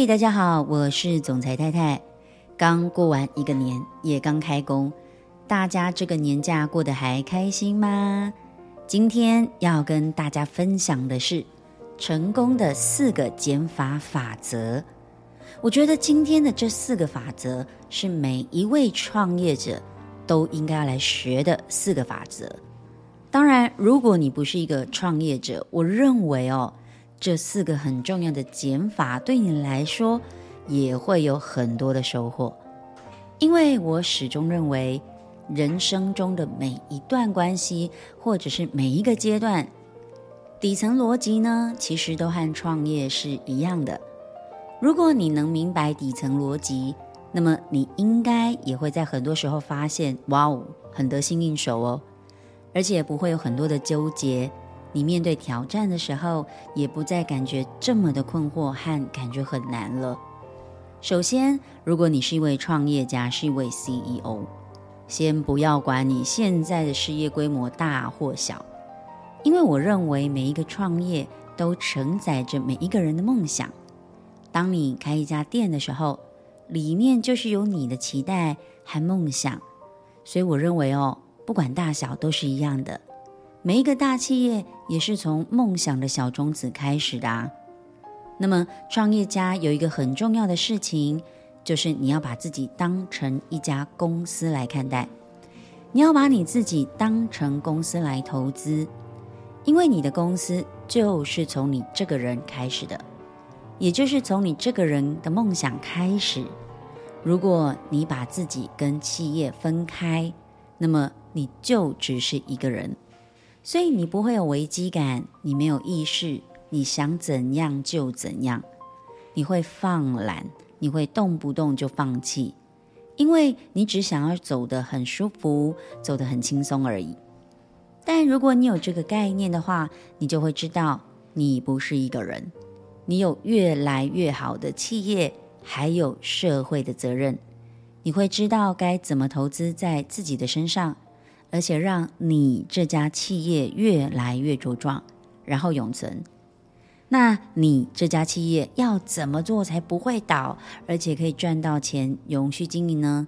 嘿，hey, 大家好，我是總裁太太。剛過完一個年，也剛開工，大家這個年假過得還開心嗎？今天要跟大家分享的是成功的四個減法法則。我覺得今天的這四個法則，是每一位創業者都應該要來學的四個法則。當然，如果你不是一個創業者，我認為哦。這四個很重要的減法對你來說也會有很多的收穫，因為我始終認為，人生中的每一段關係或者是每一個階段，底層邏輯呢，其實都和創業是一樣的。如果你能明白底層邏輯，那麼你應該也會在很多時候發現，哇哦，很得心應手哦，而且不會有很多的糾結。你面對挑戰的時候，也不再感覺這麼的困惑和感覺很難了。首先，如果你是一位創業家，是一位 CEO，先不要管你現在的事業規模大或小，因為我認為每一個創業都承載着每一個人的夢想。當你開一家店的時候，裡面就是有你的期待和夢想，所以我認為哦，不管大小都是一樣的。每一個大企業也是從夢想的小種子開始的啊。那麼，創業家有一個很重要的事情，就是你要把自己當成一家公司來看待，你要把你自己當成公司來投資，因為你的公司就是從你這個人開始的，也就是從你這個人的夢想開始。如果你把自己跟企業分開，那麼你就只是一個人。所以你不會有危機感，你沒有意識，你想怎樣就怎樣，你會放懶，你會動不動就放棄，因為你只想要走得很舒服，走得很輕鬆而已。但如果你有這個概念的話，你就會知道你不是一個人，你有越來越好的企業，還有社會的責任，你會知道該怎麼投資在自己的身上。而且讓你這家企業越來越茁壯，然後永存。那你這家企業要怎麼做才不會倒，而且可以賺到錢，永續經營呢？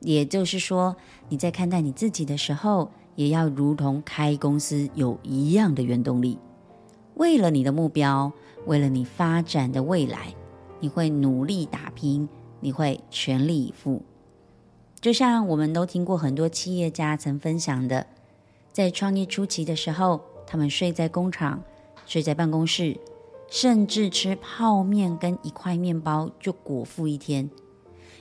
也就是說，你在看待你自己的時候，也要如同開公司有一樣的原動力。為了你的目標，為了你發展的未來，你會努力打拼，你會全力以赴。就像我們都聽過很多企業家曾分享的，在創業初期的時候，他們睡在工廠，睡在辦公室，甚至吃泡麵跟一塊麵包就果腹一天，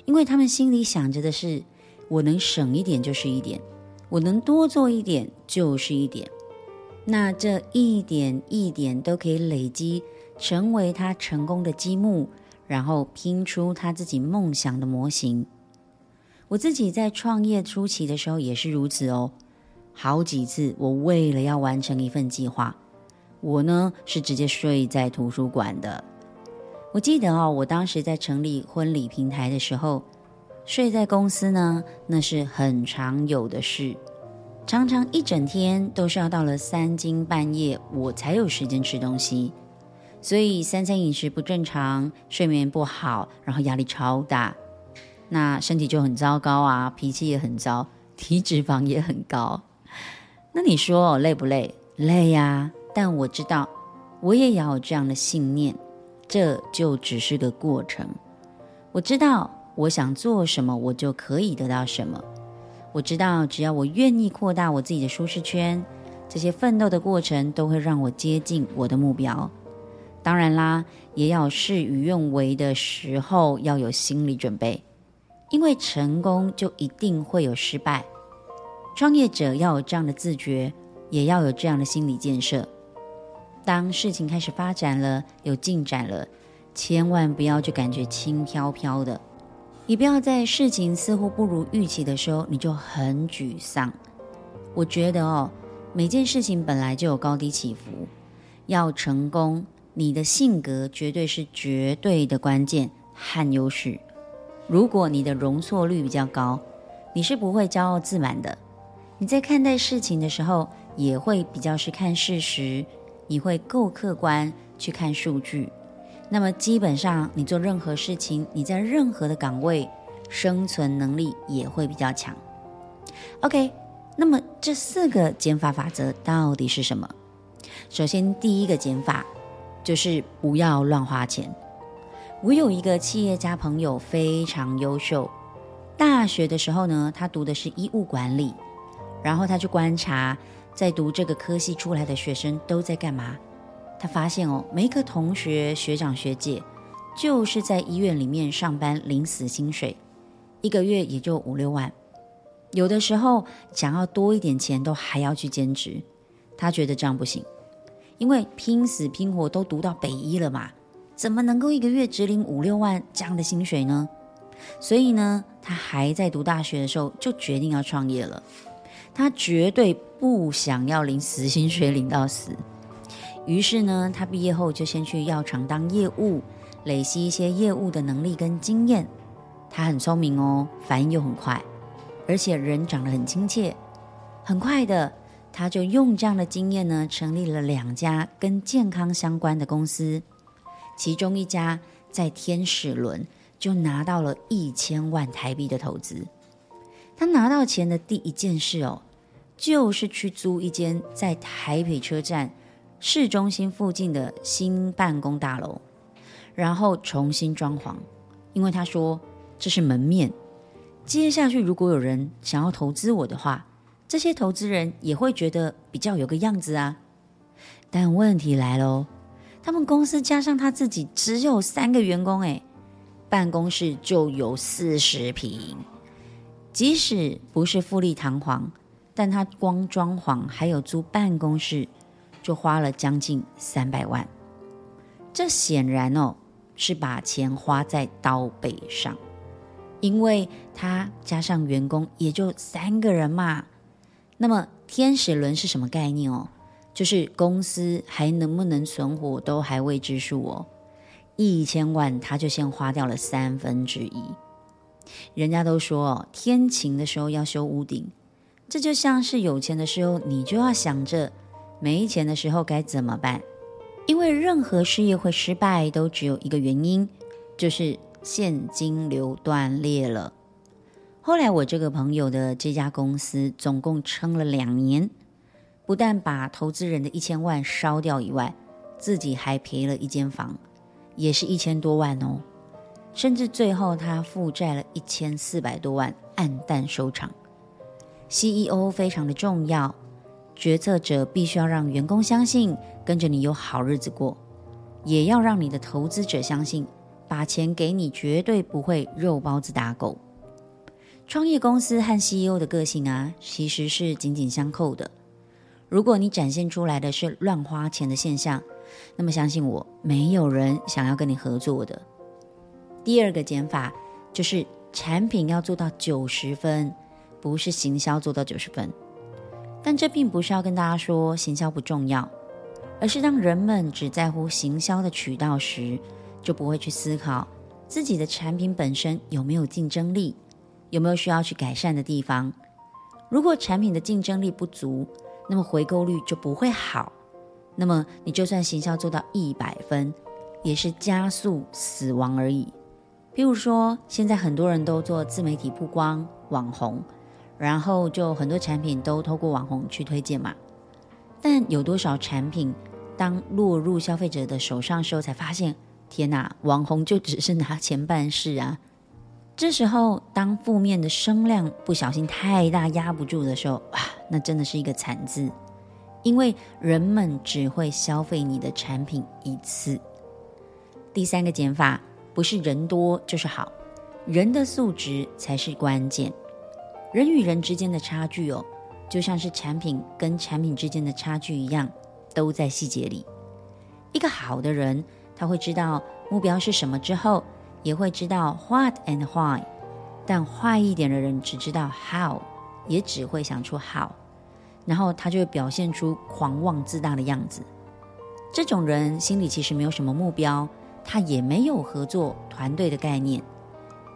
因為他們心裡想着的是，我能省一點就是一點，我能多做一點就是一點。那這一點一點都可以累積成為他成功的積木，然後拼出他自己夢想的模型。我自己在創業初期的時候也是如此哦，好幾次我為了要完成一份計劃，我呢是直接睡在圖書館的。我記得哦，我當時在成立婚禮平台的時候，睡在公司呢那是很常有的事，常常一整天都是要到了三更半夜我才有時間吃東西，所以三餐飲食不正常，睡眠不好，然後壓力超大。那身體就很糟糕啊，脾氣也很糟，體脂肪也很高。那你說累不累？累呀、啊。但我知道，我也要有這樣的信念，這就只是個過程。我知道，我想做什麼，我就可以得到什麼。我知道，只要我願意擴大我自己的舒適圈，這些奮鬥的過程都會讓我接近我的目標。當然啦，也要事與願違的時候要有心理準備。因為成功就一定會有失敗，創業者要有這樣的自覺，也要有這樣的心理建設。當事情開始發展了，有進展了，千萬不要就感覺輕飄飄的，你不要在事情似乎不如預期的時候，你就很沮喪。我覺得哦，每件事情本來就有高低起伏，要成功，你的性格絕對是絕對的關鍵和優勢。如果你的容錯率比較高，你是不會驕傲自滿的。你在看待事情的時候，也會比較是看事實，你會夠客觀去看數據。那麼基本上，你做任何事情，你在任何的崗位，生存能力也會比較強。OK，那麼這四個減法法則到底是什麼？首先第一個減法，就是不要亂花錢。我有一個企業家朋友，非常優秀。大學的時候呢，他讀的是醫務管理，然後他去觀察，在讀這個科系出來的學生都在幹嘛。他發現哦，每一個同學學長學姐，就是在醫院裡面上班，領死薪水，一個月也就五六萬。有的時候想要多一點錢，都還要去兼職。他覺得這樣不行，因為拼死拼活都讀到北醫了嘛。怎麼能夠一個月只領五六萬這樣的薪水呢？所以呢，他還在讀大學的時候就決定要創業了。他絕對不想要領死薪水領到死。於是呢，他畢業後就先去藥廠當業務，累積一些業務的能力跟經驗。他很聰明哦，反應又很快，而且人長得很親切。很快的，他就用這樣的經驗呢，成立了兩家跟健康相關的公司。其中一家在天使輪就拿到了一千萬台幣的投資，他拿到錢的第一件事哦，就是去租一間在台北車站市中心附近的新辦公大樓，然後重新裝潢，因為他說這是門面。接下去如果有人想要投資我的話，這些投資人也會覺得比較有個樣子啊。但問題來嘍。他們公司加上他自己只有三個員工，哎，辦公室就有四十平。即使不是富麗堂皇，但他光裝潢還有租辦公室，就花了將近三百萬。這顯然哦，是把錢花在刀背上，因為他加上員工也就三個人嘛。那麼天使輪是什麼概念哦？就是公司還能不能存活都還未知數哦，一千萬他就先花掉了三分之一。人家都說哦，天晴的時候要修屋頂，這就像是有錢的時候你就要想着沒錢的時候該怎麼辦，因為任何事業會失敗都只有一個原因，就是現金流斷裂了。後來我這個朋友的這家公司總共撐了兩年。不但把投資人的一千萬燒掉以外，自己還賠了一間房，也是一千多萬哦。甚至最後他負債了一千四百多萬，暗淡收場。CEO 非常的重要，決策者必須要讓員工相信跟着你有好日子過，也要讓你的投資者相信把錢給你絕對不會肉包子打狗。創業公司和 CEO 的個性啊，其實是緊緊相扣的。如果你展現出來的是亂花錢的現象，那麼相信我，沒有人想要跟你合作的。第二個減法就是產品要做到九十分，不是行銷做到九十分。但這並不是要跟大家說行銷不重要，而是當人們只在乎行銷的渠道時，就不會去思考自己的產品本身有沒有競爭力，有沒有需要去改善的地方。如果產品的競爭力不足，那麼回購率就不會好，那麼你就算行銷做到一百分，也是加速死亡而已。比如說，現在很多人都做自媒體曝光網紅，然後就很多產品都透過網紅去推薦嘛。但有多少產品當落入消費者的手上時候，才發現，天哪，網紅就只是拿錢辦事啊！這時候，當負面的聲量不小心太大壓不住的時候，哇，那真的是一個慘字。因為人們只會消費你的產品一次。第三個減法，不是人多就是好，人的素質才是關鍵。人與人之間的差距哦，就像是產品跟產品之間的差距一樣，都在細節裡。一個好的人，他會知道目標是什麼之後，也會知道 what and why，但壞一點的人只知道 how，也只會想出好。然後他就會表現出狂妄自大的樣子。這種人心裡其實沒有什麼目標，他也沒有合作團隊的概念。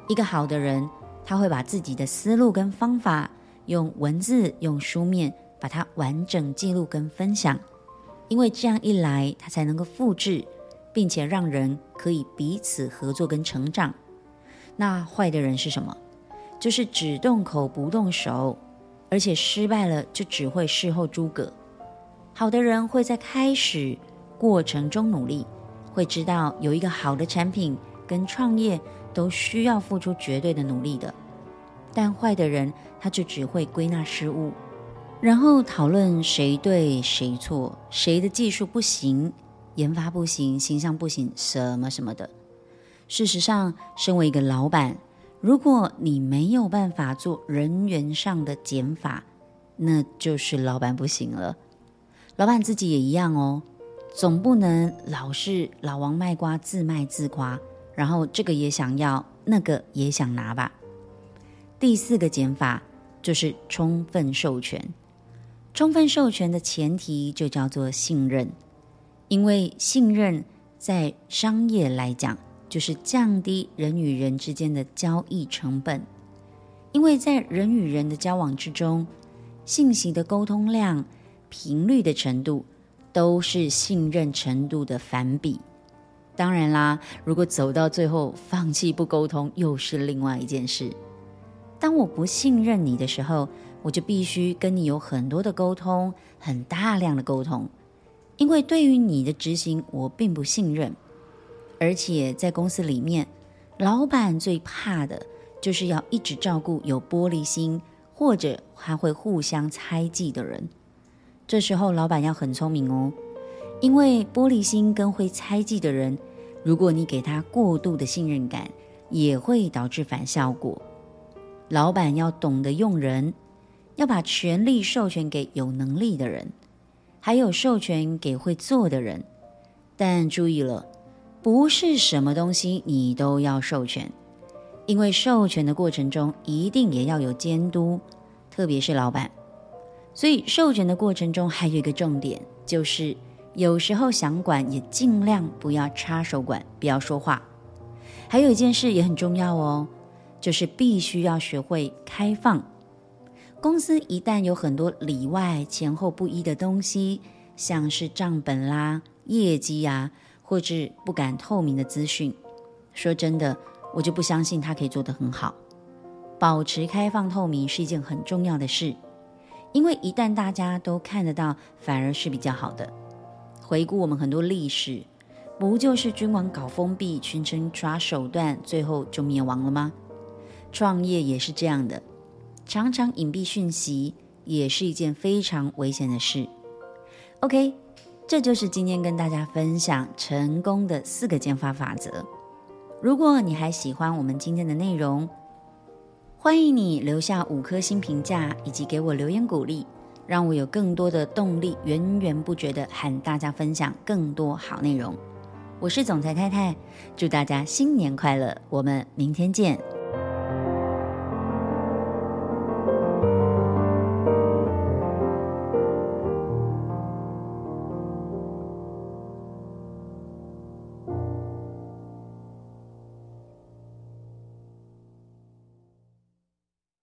一個好的人，他會把自己的思路跟方法用文字、用書面把它完整記錄跟分享，因為這樣一來，他才能夠複製。並且讓人可以彼此合作跟成長。那壞的人是什麼？就是只動口不動手，而且失敗了就只會事後諸葛。好的人會在開始過程中努力，會知道有一個好的產品跟創業都需要付出絕對的努力的。但壞的人他就只會歸納失誤，然後討論誰對誰錯，誰的技術不行。研發不行，形象不行，什麼什麼的。事實上，身為一個老板，如果你沒有辦法做人員上的減法，那就是老板不行了。老板自己也一樣哦，總不能老是老王賣瓜，自賣自誇，然後這個也想要，那個也想拿吧。第四個減法就是充分授權。充分授權的前提就叫做信任。因為信任在商業來講，就是降低人與人之間的交易成本。因為在人與人的交往之中，信息的溝通量、頻率的程度，都是信任程度的反比。當然啦，如果走到最後放棄不溝通，又是另外一件事。當我不信任你的時候，我就必須跟你有很多的溝通，很大量的溝通。因為對於你的執行，我並不信任，而且在公司裡面，老闆最怕的就是要一直照顧有玻璃心或者，還會互相猜忌的人。這時候老闆要很聰明哦，因為玻璃心跟會猜忌的人，如果你給他過度的信任感，也會導致反效果。老闆要懂得用人，要把權力授權給有能力的人。還有授權給會做的人，但注意了，不是什麼東西你都要授權，因為授權的過程中一定也要有監督，特別是老板。所以授權的過程中還有一個重點，就是有時候想管也盡量不要插手管，不要說話。還有一件事也很重要哦，就是必須要學會開放。公司一旦有很多裡外前後不一的東西，像是賬本啦、啊、業績呀、啊，或是不敢透明的資訊，說真的，我就不相信他可以做得很好。保持開放透明是一件很重要的事，因為一旦大家都看得到，反而是比較好的。回顧我們很多歷史，不就是君王搞封閉、群臣耍手段，最後就滅亡了嗎？創業也是這樣的。常常隱蔽訊息也是一件非常危險的事。OK，這就是今天跟大家分享成功的四個減法法則。如果你還喜歡我們今天的內容，歡迎你留下五顆星評價以及給我留言鼓勵，讓我有更多的動力源源不絕的和大家分享更多好內容。我是總裁太太，祝大家新年快樂，我們明天見。